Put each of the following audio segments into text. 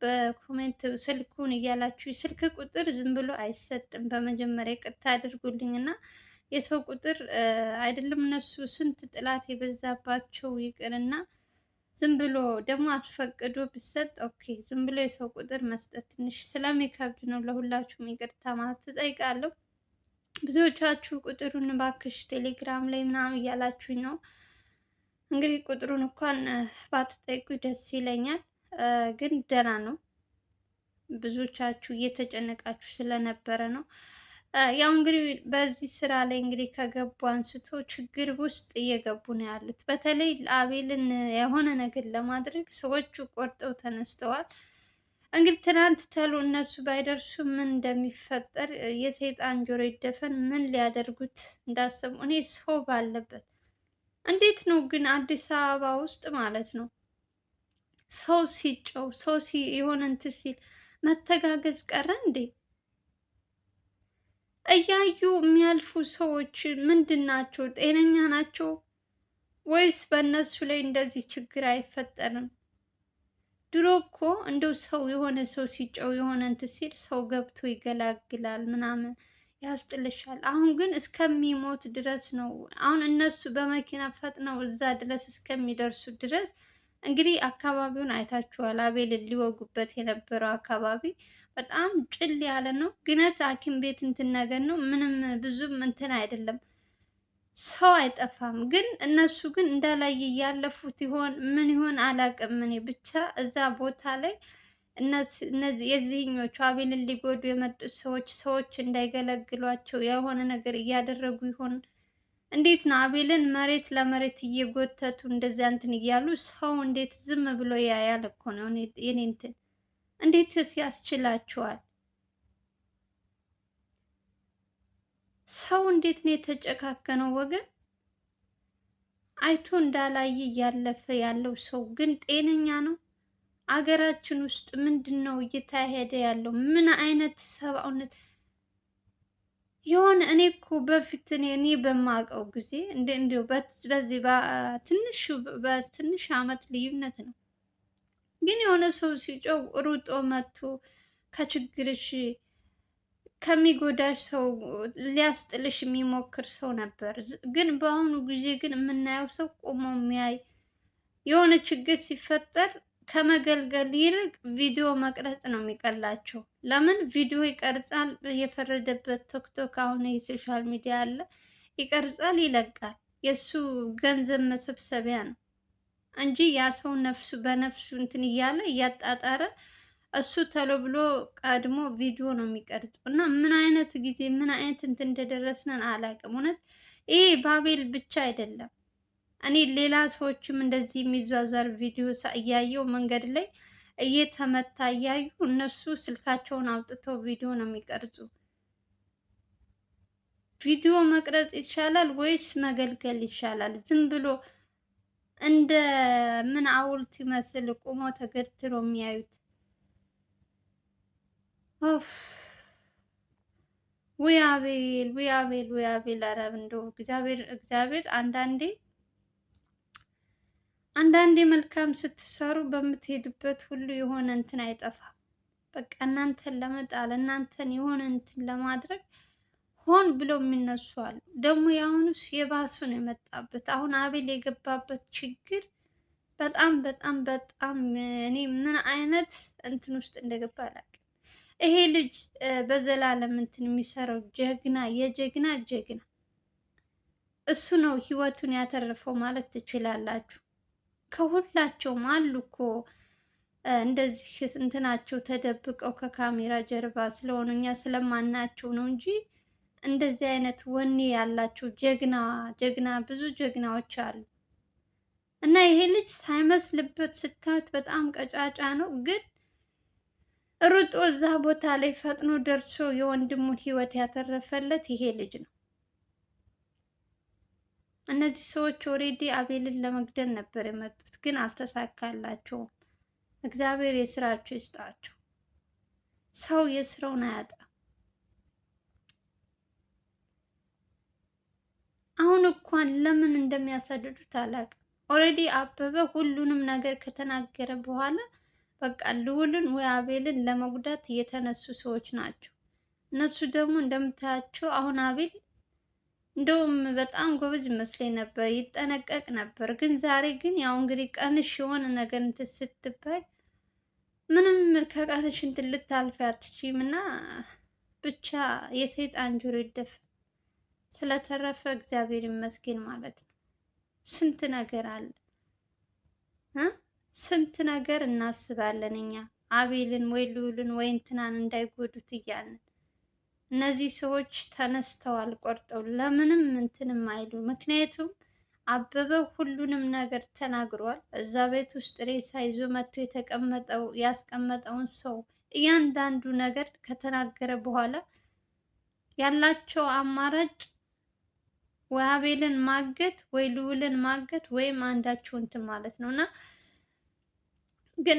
በኮሜንት ስልኩን እያላችሁ ስልክ ቁጥር ዝም ብሎ አይሰጥም። በመጀመሪያ ይቅርታ አድርጉልኝ እና የሰው ቁጥር አይደለም እነሱ ስንት ጥላት የበዛባቸው ይቅርና ዝም ብሎ ደግሞ አስፈቅዶ ብሰጥ ኦኬ። ዝም ብሎ የሰው ቁጥር መስጠት ትንሽ ስለሚከብድ ነው። ለሁላችሁም ይቅርታ ማለት ትጠይቃለሁ። ብዙዎቻችሁ ቁጥሩን እባክሽ ቴሌግራም ላይ ምናምን እያላችሁኝ ነው። እንግዲህ ቁጥሩን እንኳን ባትጠይቁ ደስ ይለኛል። ግን ደህና ነው። ብዙዎቻችሁ እየተጨነቃችሁ ስለነበረ ነው። ያው እንግዲህ በዚህ ስራ ላይ እንግዲህ ከገቡ አንስቶ ችግር ውስጥ እየገቡ ነው ያሉት። በተለይ አቤልን የሆነ ነገር ለማድረግ ሰዎቹ ቆርጠው ተነስተዋል። እንግዲህ ትናንት ተሉ እነሱ ባይደርሱ ምን እንደሚፈጠር የሰይጣን ጆሮ ይደፈን፣ ምን ሊያደርጉት እንዳሰቡ እኔ ሰው ባለበት እንዴት ነው ግን አዲስ አበባ ውስጥ ማለት ነው ሰው ሲጨው ሰው የሆነ እንትን ሲል መተጋገዝ ቀረ እንዴ? እያዩ የሚያልፉ ሰዎች ምንድን ናቸው? ጤነኛ ናቸው ወይስ በእነሱ ላይ እንደዚህ ችግር አይፈጠርም? ድሮ እኮ እንደው ሰው የሆነ ሰው ሲጨው የሆነ እንትን ሲል ሰው ገብቶ ይገላግላል ምናምን ያስጥልሻል። አሁን ግን እስከሚሞት ድረስ ነው። አሁን እነሱ በመኪና ፈጥነው እዛ ድረስ እስከሚደርሱ ድረስ እንግዲህ አካባቢውን አይታችኋል። አቤል ሊወጉበት የነበረው አካባቢ በጣም ጭል ያለ ነው። ግነት ሐኪም ቤት እንትን ነገር ነው። ምንም ብዙም እንትን አይደለም፣ ሰው አይጠፋም። ግን እነሱ ግን እንዳላይ እያለፉት ይሆን ምን ይሆን አላቅም። እኔ ብቻ እዛ ቦታ ላይ እነዚህ የዚህኞቹ አቤልን ሊጎዱ የመጡት ሰዎች ሰዎች እንዳይገለግሏቸው የሆነ ነገር እያደረጉ ይሆን እንዴት ነው አቤልን መሬት ለመሬት እየጎተቱ እንደዚያ እንትን እያሉ ሰው እንዴት ዝም ብሎ ያያል እኮ ነው። የኔ እንትን እንዴትስ ያስችላችኋል? ሰው እንዴት ነው የተጨካከነው ወገን? አይቶ እንዳላይ እያለፈ ያለው ሰው ግን ጤነኛ ነው? አገራችን ውስጥ ምንድን ነው እየተካሄደ ያለው? ምን አይነት ሰብአውነት የሆነ እኔ እኮ በፊት እኔ በማውቀው ጊዜ እንደ እንዲሁ በዚህ በትንሽ በትንሽ አመት ልዩነት ነው። ግን የሆነ ሰው ሲጮው ሩጦ መጥቶ ከችግርሽ ከሚጎዳሽ ሰው ሊያስጥልሽ የሚሞክር ሰው ነበር። ግን በአሁኑ ጊዜ ግን የምናየው ሰው ቆሞ የሚያይ የሆነ ችግር ሲፈጠር ከመገልገል ይልቅ ቪዲዮ መቅረጽ ነው የሚቀላቸው። ለምን ቪዲዮ ይቀርጻል፣ የፈረደበት ቶክቶክ አሁን የሶሻል ሚዲያ አለ፣ ይቀርጻል፣ ይለቃል። የእሱ ገንዘብ መሰብሰቢያ ነው እንጂ ያ ሰው ነፍሱ በነፍሱ እንትን እያለ እያጣጣረ እሱ ተሎ ብሎ ቀድሞ ቪዲዮ ነው የሚቀርጸው። እና ምን አይነት ጊዜ ምን አይነት እንትን እንደደረስነን አላውቅም። እውነት ይሄ ባቤል ብቻ አይደለም እኔ ሌላ ሰዎችም እንደዚህ የሚዟዟር ቪዲዮ እያየው መንገድ ላይ እየተመታ እያዩ እነሱ ስልካቸውን አውጥተው ቪዲዮ ነው የሚቀርጹ። ቪዲዮ መቅረጽ ይሻላል ወይስ መገልገል ይሻላል? ዝም ብሎ እንደ ምን አውልት ይመስል ቁሞ ተገድሮ የሚያዩት ውያቤል ውያቤል ውያቤል። ኧረ እንደው እግዚአብሔር እግዚአብሔር አንዳንዴ አንዳንዴ መልካም ስትሰሩ በምትሄዱበት ሁሉ የሆነ እንትን አይጠፋም። በቃ እናንተን ለመጣል እናንተን የሆነ እንትን ለማድረግ ሆን ብለው የሚነሱ አሉ። ደግሞ የአሁኑስ የባሱ ነው የመጣበት። አሁን አቤል የገባበት ችግር በጣም በጣም በጣም እኔ ምን አይነት እንትን ውስጥ እንደገባ አላውቅም። ይሄ ልጅ በዘላለም እንትን የሚሰራው ጀግና የጀግና ጀግና እሱ ነው፣ ህይወቱን ያተረፈው ማለት ትችላላችሁ። ከሁላቸውም አሉ እኮ እንደዚህ እንትናቸው ተደብቀው ከካሜራ ጀርባ ስለሆኑ እኛ ስለማናቸው ነው እንጂ እንደዚህ አይነት ወኔ ያላቸው ጀግና ጀግና ብዙ ጀግናዎች አሉ። እና ይሄ ልጅ ሳይመስልበት ስታዩት በጣም ቀጫጫ ነው፣ ግን ሩጦ እዛ ቦታ ላይ ፈጥኖ ደርሶ የወንድሙን ሕይወት ያተረፈለት ይሄ ልጅ ነው። እነዚህ ሰዎች ኦሬዲ አቤልን ለመግደል ነበር የመጡት፣ ግን አልተሳካላቸውም። እግዚአብሔር የስራቸው ይስጣቸው። ሰው የስራውን አያጣም። አሁን እንኳን ለምን እንደሚያሳድዱት አላውቅም። ኦሬዲ አበበ ሁሉንም ነገር ከተናገረ በኋላ በቃ ልውልን ወይ አቤልን ለመጉዳት የተነሱ ሰዎች ናቸው። እነሱ ደግሞ እንደምታያቸው አሁን አቤል እንደውም በጣም ጎበዝ ይመስለኝ ነበር፣ ይጠነቀቅ ነበር። ግን ዛሬ ግን ያው እንግዲህ ቀንሽ የሆነ ነገር እንትን ስትባይ ምንም ከቀንሽ እንትን ልታልፊ አትችይም እና ብቻ የሰይጣን ጆሮ ይደፍ። ስለተረፈ እግዚአብሔር ይመስገን ማለት ነው። ስንት ነገር አለ እ ስንት ነገር እናስባለን እኛ አቤልን ወይ ልዑልን ወይ እንትናን እንዳይጎዱት እያልን እነዚህ ሰዎች ተነስተዋል ቆርጠው ለምንም እንትንም አይሉ። ምክንያቱም አበበ ሁሉንም ነገር ተናግሯል። እዛ ቤት ውስጥ ሬሳ ይዞ መጥቶ የተቀመጠው ያስቀመጠውን ሰው እያንዳንዱ ነገር ከተናገረ በኋላ ያላቸው አማራጭ ወይ አቤልን ማገት ወይ ልዑልን ማገት ወይም አንዳቸው እንትን ማለት ነው እና ግን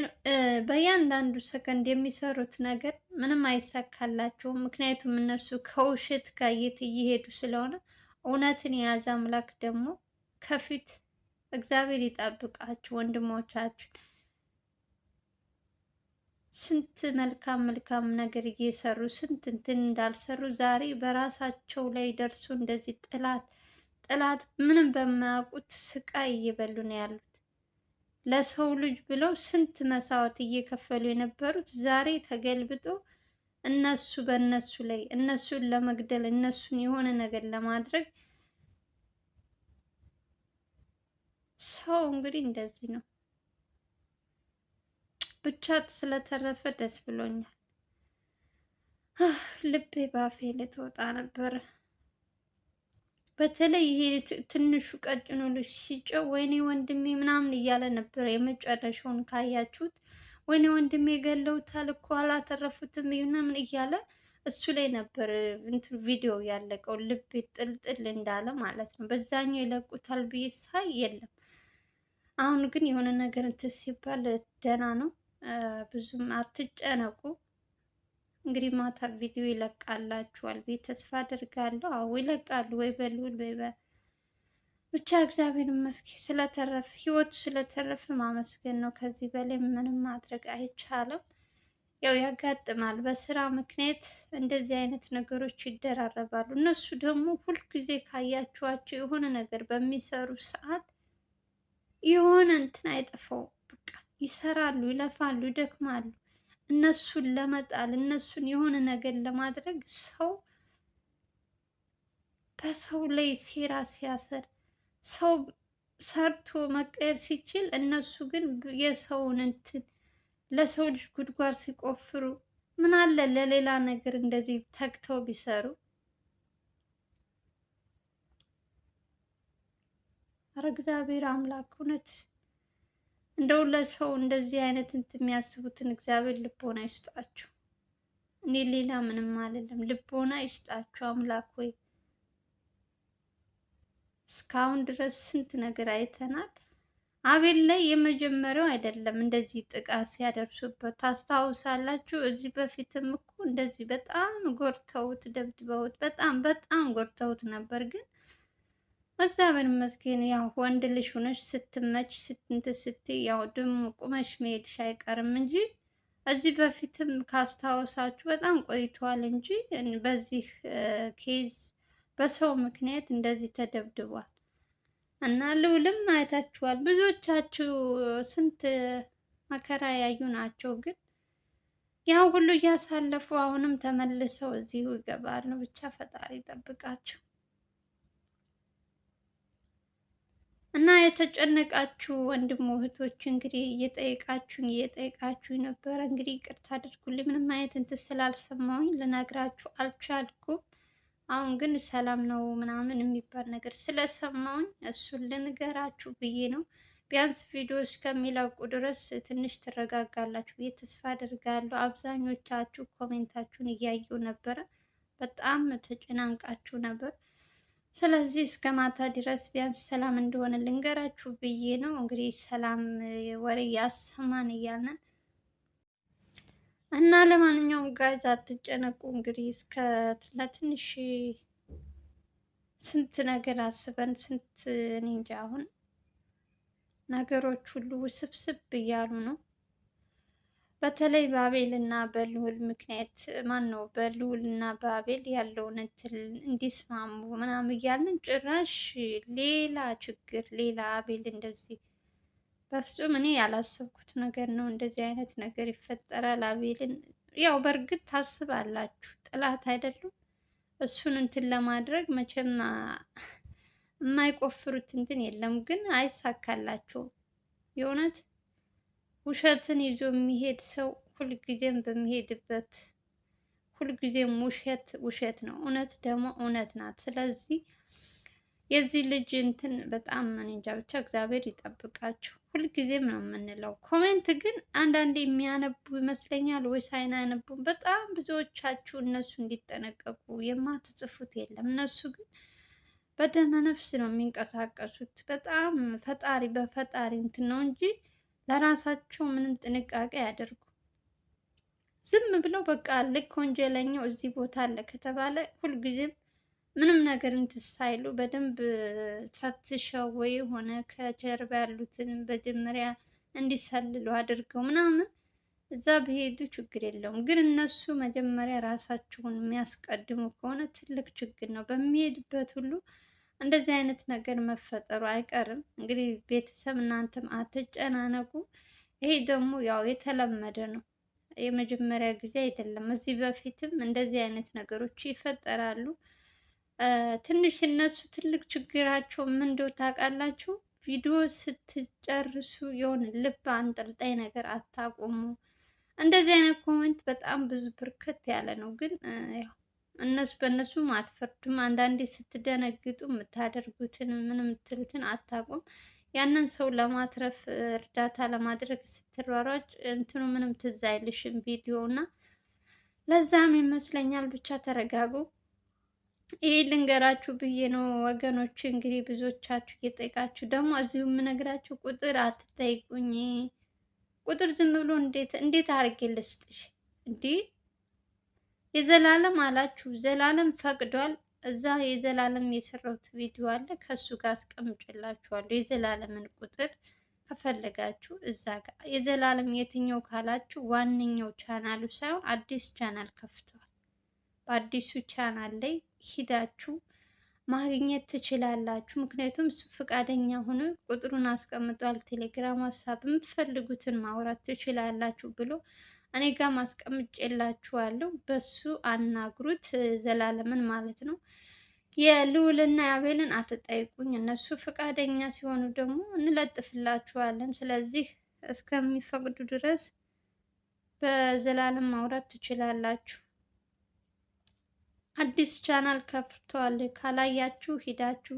በእያንዳንዱ ሰከንድ የሚሰሩት ነገር ምንም አይሳካላቸውም። ምክንያቱም እነሱ ከውሸት ጋር እየሄዱ ስለሆነ እውነትን የያዘ አምላክ ደግሞ ከፊት እግዚአብሔር ይጠብቃችሁ ወንድሞቻችን። ስንት መልካም መልካም ነገር እየሰሩ ስንት እንትን እንዳልሰሩ ዛሬ በራሳቸው ላይ ደርሶ እንደዚህ ጥላት ጥላት ምንም በማያውቁት ስቃይ እየበሉ ነው ያሉት። ለሰው ልጅ ብለው ስንት መስዋዕት እየከፈሉ የነበሩት ዛሬ ተገልብጦ እነሱ በእነሱ ላይ እነሱን ለመግደል እነሱን የሆነ ነገር ለማድረግ ሰው እንግዲህ እንደዚህ ነው። ብቻ ስለተረፈ ደስ ብሎኛል። ልቤ ባፌ ልትወጣ ነበረ። በተለይ ይሄ ትንሹ ቀጭኑ ልጅ ሲጨው ወይኔ ወንድሜ ምናምን እያለ ነበረ። የመጨረሻውን ካያችሁት ወይኔ ወንድሜ ገለውታል እኮ አላተረፉትም ምናምን እያለ እሱ ላይ ነበር እንትን ቪዲዮ ያለቀው። ልቤ ጥልጥል እንዳለ ማለት ነው። በዛኛው ይለቁታል ብዬ ሳይ የለም። አሁን ግን የሆነ ነገር እንትን ሲባል ደህና ነው። ብዙም አትጨነቁ። እንግዲህ ማታ ቪዲዮ ይለቃላችኋል ብዬ ተስፋ አድርጋለሁ። አዎ ይለቃሉ፣ ወይ በልዑል ወይ በ ብቻ እግዚአብሔር ይመስገን ስለተረፈ ህይወቱ ስለተረፈ ማመስገን ነው። ከዚህ በላይ ምንም ማድረግ አይቻልም። ያው ያጋጥማል። በስራ ምክንያት እንደዚህ አይነት ነገሮች ይደራረባሉ። እነሱ ደግሞ ሁልጊዜ ካያችኋቸው የሆነ ነገር በሚሰሩ ሰዓት የሆነ እንትን አይጠፋውም። በቃ ይሰራሉ፣ ይለፋሉ፣ ይደክማሉ። እነሱን ለመጣል እነሱን የሆነ ነገር ለማድረግ ሰው በሰው ላይ ሴራ ሲያሰር ሰው ሰርቶ መቀየር ሲችል እነሱ ግን የሰውን እንትን ለሰው ልጅ ጉድጓድ ሲቆፍሩ ምን አለ ለሌላ ነገር እንደዚህ ተግተው ቢሰሩ። ኧረ እግዚአብሔር አምላክ እውነት እንደው ለሰው እንደዚህ አይነት እንትን የሚያስቡትን እግዚአብሔር ልቦና ይስጣችሁ። እኔ ሌላ ምንም አልልም፣ ልቦና ይስጣችሁ አምላክ ሆይ። እስካሁን ድረስ ስንት ነገር አይተናል። አቤል ላይ የመጀመሪያው አይደለም እንደዚህ ጥቃት ሲያደርሱበት ታስታውሳላችሁ። እዚህ በፊትም እኮ እንደዚህ በጣም ጎርተውት ደብድበውት፣ በጣም በጣም ጎርተውት ነበር ግን እግዚአብሔር ይመስገን ያው ወንድ ልጅ ሆነሽ ስትመች ስትንት ስት ያው ድም ቁመሽ መሄድሽ አይቀርም እንጂ እዚህ በፊትም ካስታወሳችሁ በጣም ቆይቷል እንጂ በዚህ ኬዝ በሰው ምክንያት እንደዚህ ተደብድቧል እና ልውልም አይታችኋል። ብዙዎቻችሁ ስንት መከራ ያዩ ናቸው። ግን ያው ሁሉ እያሳለፉ አሁንም ተመልሰው እዚሁ ይገባሉ። ብቻ ፈጣሪ ይጠብቃቸው። እና የተጨነቃችሁ ወንድም እህቶች እንግዲህ እየጠየቃችሁኝ እየጠየቃችሁኝ ነበረ። እንግዲህ ይቅርታ አድርጉልኝ፣ ምንም አይነት እንትን ስላልሰማሁኝ ልነግራችሁ አልቻልኩም። አሁን ግን ሰላም ነው ምናምን የሚባል ነገር ስለሰማሁኝ እሱን ልንገራችሁ ብዬ ነው። ቢያንስ ቪዲዮ እስከሚለቁ ድረስ ትንሽ ትረጋጋላችሁ ብዬ ተስፋ አድርጋለሁ። አብዛኞቻችሁ ኮሜንታችሁን እያየሁ ነበረ። በጣም ተጨናንቃችሁ ነበር። ስለዚህ እስከ ማታ ድረስ ቢያንስ ሰላም እንደሆነ ልንገራችሁ ብዬ ነው። እንግዲህ ሰላም ወሬ ያሰማን እያልን እና ለማንኛውም ጋይዝ አትጨነቁ። እንግዲህ እስከ ለትንሽ ስንት ነገር አስበን ስንት እኔ እንጃ አሁን ነገሮች ሁሉ ውስብስብ እያሉ ነው። በተለይ በአቤል እና በልዑል ምክንያት ማን ነው በልዑል እና በአቤል ያለውን እንትን እንዲስማሙ ምናምን እያልን ጭራሽ ሌላ ችግር ሌላ አቤል እንደዚህ በፍጹም እኔ ያላሰብኩት ነገር ነው። እንደዚህ አይነት ነገር ይፈጠራል። አቤልን ያው በእርግጥ ታስባላችሁ፣ ጥላት አይደሉም። እሱን እንትን ለማድረግ መቼም የማይቆፍሩት እንትን የለም፣ ግን አይሳካላቸውም የእውነት ውሸትን ይዞ የሚሄድ ሰው ሁልጊዜም በሚሄድበት ሁልጊዜም ውሸት ውሸት ነው፣ እውነት ደግሞ እውነት ናት። ስለዚህ የዚህ ልጅ እንትን በጣም እንጃ ብቻ እግዚአብሔር ይጠብቃቸው። ሁልጊዜም ነው የምንለው። ኮሜንት ግን አንዳንዴ የሚያነቡ ይመስለኛል ወይስ አያነቡም? በጣም ብዙዎቻችሁ እነሱ እንዲጠነቀቁ የማትጽፉት የለም። እነሱ ግን በደመ ነፍስ ነው የሚንቀሳቀሱት። በጣም ፈጣሪ በፈጣሪ እንትን ነው እንጂ ለራሳቸው ምንም ጥንቃቄ አያደርጉ። ዝም ብለው በቃ ልክ ወንጀለኛው እዚህ ቦታ አለ ከተባለ ሁልጊዜም ምንም ነገር እንትን ሳይሉ በደንብ ፈትሸው ወይ ሆነ ከጀርባ ያሉትን መጀመሪያ እንዲሰልሉ አድርገው ምናምን እዛ በሄዱ ችግር የለውም። ግን እነሱ መጀመሪያ ራሳቸውን የሚያስቀድሙ ከሆነ ትልቅ ችግር ነው። በሚሄዱበት ሁሉ እንደዚህ አይነት ነገር መፈጠሩ አይቀርም። እንግዲህ ቤተሰብ እናንተም አትጨናነቁ። ይሄ ደግሞ ያው የተለመደ ነው። የመጀመሪያ ጊዜ አይደለም። እዚህ በፊትም እንደዚህ አይነት ነገሮች ይፈጠራሉ። ትንሽ እነሱ ትልቅ ችግራቸው ምን እንደው ታውቃላችሁ፣ ቪዲዮ ስትጨርሱ የሆነ ልብ አንጠልጣይ ነገር አታቁሙ። እንደዚህ አይነት ኮሜንት በጣም ብዙ ብርከት ያለ ነው፣ ግን ያው እነሱ በእነሱም አትፈርዱም። አንዳንዴ ስትደነግጡ የምታደርጉትን ምን የምትሉትን አታውቁም። ያንን ሰው ለማትረፍ እርዳታ ለማድረግ ስትሯሯጭ እንትኑ ምንም ትዝ አይልሽም ቪዲዮ እና ለዛም ይመስለኛል ብቻ ተረጋጉ። ይህ ልንገራችሁ ብዬ ነው ወገኖች። እንግዲህ ብዙዎቻችሁ እየጠየቃችሁ ደግሞ እዚሁ የምነግራችሁ ቁጥር አትጠይቁኝ። ቁጥር ዝም ብሎ እንዴት እንዴት አድርጌ ልስጥሽ እንዲህ የዘላለም አላችሁ ዘላለም ፈቅዷል። እዛ የዘላለም የሰራሁት ቪዲዮ አለ ከሱ ጋር አስቀምጬላችኋለሁ። የዘላለምን ቁጥር ከፈለጋችሁ እዛ ጋር የዘላለም የትኛው ካላችሁ ዋነኛው ቻናሉ ሳይሆን አዲስ ቻናል ከፍተዋል። በአዲሱ ቻናል ላይ ሂዳችሁ ማግኘት ትችላላችሁ። ምክንያቱም እሱ ፈቃደኛ ሆኖ ቁጥሩን አስቀምጧል። ቴሌግራም፣ ዋትሳፕ የምትፈልጉትን ማውራት ትችላላችሁ ብሎ እኔ ጋር ማስቀምጭ የላችኋለሁ። በሱ አናግሩት ዘላለምን ማለት ነው። የልዑልና የአቤልን አትጠይቁኝ። እነሱ ፈቃደኛ ሲሆኑ ደግሞ እንለጥፍላችኋለን። ስለዚህ እስከሚፈቅዱ ድረስ በዘላለም ማውራት ትችላላችሁ። አዲስ ቻናል ከፍተዋል። ካላያችሁ ሂዳችሁ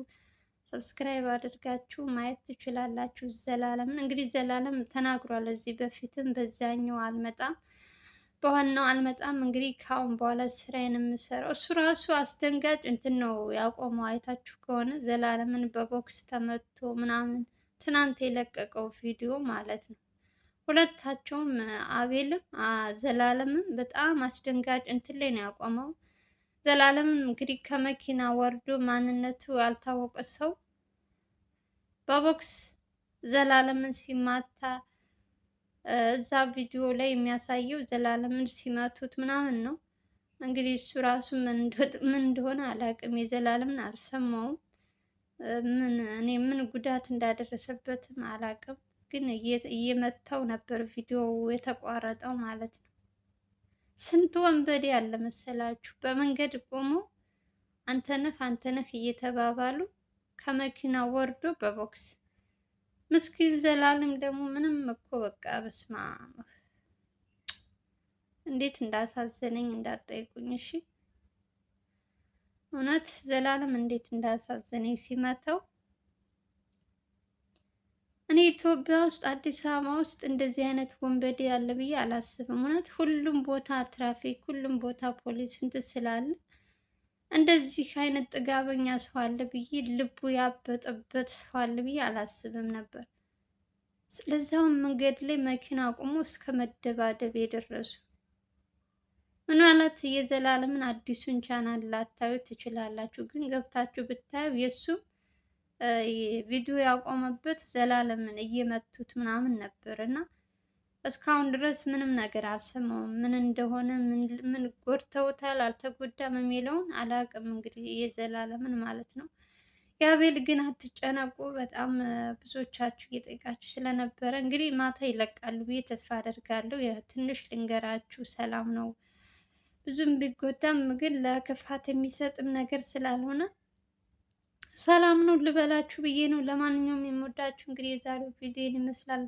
ሰብስክራይብ አድርጋችሁ ማየት ትችላላችሁ። ዘላለምን እንግዲህ ዘላለም ተናግሯል። እዚህ በፊትም በዛኛው አልመጣም በዋናው አልመጣም። እንግዲህ ከአሁን በኋላ ስራዬን የምሰራው እሱ ራሱ አስደንጋጭ እንትን ነው ያቆመው። አይታችሁ ከሆነ ዘላለምን በቦክስ ተመቶ ምናምን ትናንት የለቀቀው ቪዲዮ ማለት ነው። ሁለታቸውም አቤልም ዘላለምም በጣም አስደንጋጭ እንትን ላይ ነው ያቆመው። ዘላለምም እንግዲህ ከመኪና ወርዶ ማንነቱ ያልታወቀ ሰው በቦክስ ዘላለምን ሲማታ እዛ ቪዲዮ ላይ የሚያሳየው ዘላለምን ሲመቱት ምናምን ነው። እንግዲህ እሱ ራሱ ምን እንደሆነ አላውቅም። የዘላለምን አልሰማውም። ምን እኔ ምን ጉዳት እንዳደረሰበትም አላውቅም። ግን እየመታው ነበር ቪዲዮ የተቋረጠው ማለት ነው። ስንት ወንበዴ አለመሰላችሁ መሰላችሁ በመንገድ ቆሞ አንተነህ አንተነህ እየተባባሉ ከመኪና ወርዶ በቦክስ ምስኪን ዘላለም ደግሞ ምንም እኮ በቃ በስማ እንዴት እንዳሳዘነኝ እንዳጠይቁኝ። እሺ እውነት ዘላለም እንዴት እንዳሳዘነኝ ሲመተው። እኔ ኢትዮጵያ ውስጥ አዲስ አበባ ውስጥ እንደዚህ አይነት ወንበዴ ያለ ብዬ አላስብም። እውነት ሁሉም ቦታ ትራፊክ፣ ሁሉም ቦታ ፖሊስ እንትን ስላለ እንደዚህ አይነት ጥጋበኛ ሰው አለ ብዬ ልቡ ያበጠበት ሰው አለ ብዬ አላስብም ነበር። ለዛውም መንገድ ላይ መኪና አቁሞ እስከ መደባደብ የደረሱ ምናልባት የዘላለምን አዲሱን ቻናል ላታዩ ትችላላችሁ። ግን ገብታችሁ ብታዩ የእሱም ቪዲዮ ያቆመበት ዘላለምን እየመቱት ምናምን ነበር እና እስካሁን ድረስ ምንም ነገር አልሰማውም ምን እንደሆነ ምን ጎድተውታል አልተጎዳም የሚለውን አላውቅም። እንግዲህ የዘላለምን ማለት ነው። የአቤል ግን አትጨነቁ፣ በጣም ብዙዎቻችሁ እየጠየቃችሁ ስለነበረ እንግዲህ ማታ ይለቃሉ ብዬ ተስፋ አደርጋለሁ። ትንሽ ልንገራችሁ፣ ሰላም ነው። ብዙም ቢጎዳም ግን ለክፋት የሚሰጥም ነገር ስላልሆነ ሰላም ነው ልበላችሁ ብዬ ነው። ለማንኛውም የምወዳችሁ እንግዲህ የዛሬው ቪዲዮ ይመስላል።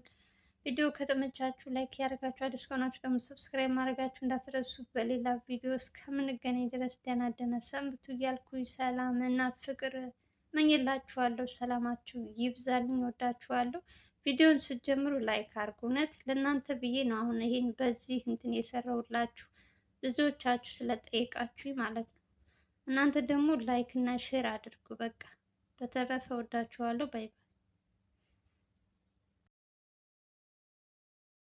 ቪዲዮ ከተመቻችሁ ላይክ ያደርጋችሁ አዲስ ከሆናችሁ ደግሞ ሰብስክራይብ ማድረጋችሁ እንዳትረሱ። በሌላ ቪዲዮ እስከምንገናኝ ድረስ ደህና ደህና ሰንብቱ እያልኩኝ ሰላም እና ፍቅር መኝላችኋለሁ። ሰላማችሁ ይብዛልኝ። ወዳችኋለሁ። ቪዲዮን ስትጀምሩ ላይክ አድርጉ። እውነት ለእናንተ ብዬ ነው አሁን ይሄን በዚህ እንትን የሰራሁላችሁ ብዙዎቻችሁ ስለጠየቃችሁኝ ማለት ነው። እናንተ ደግሞ ላይክ እና ሼር አድርጉ። በቃ በተረፈ ወዳችኋለሁ። ባይ ባይ።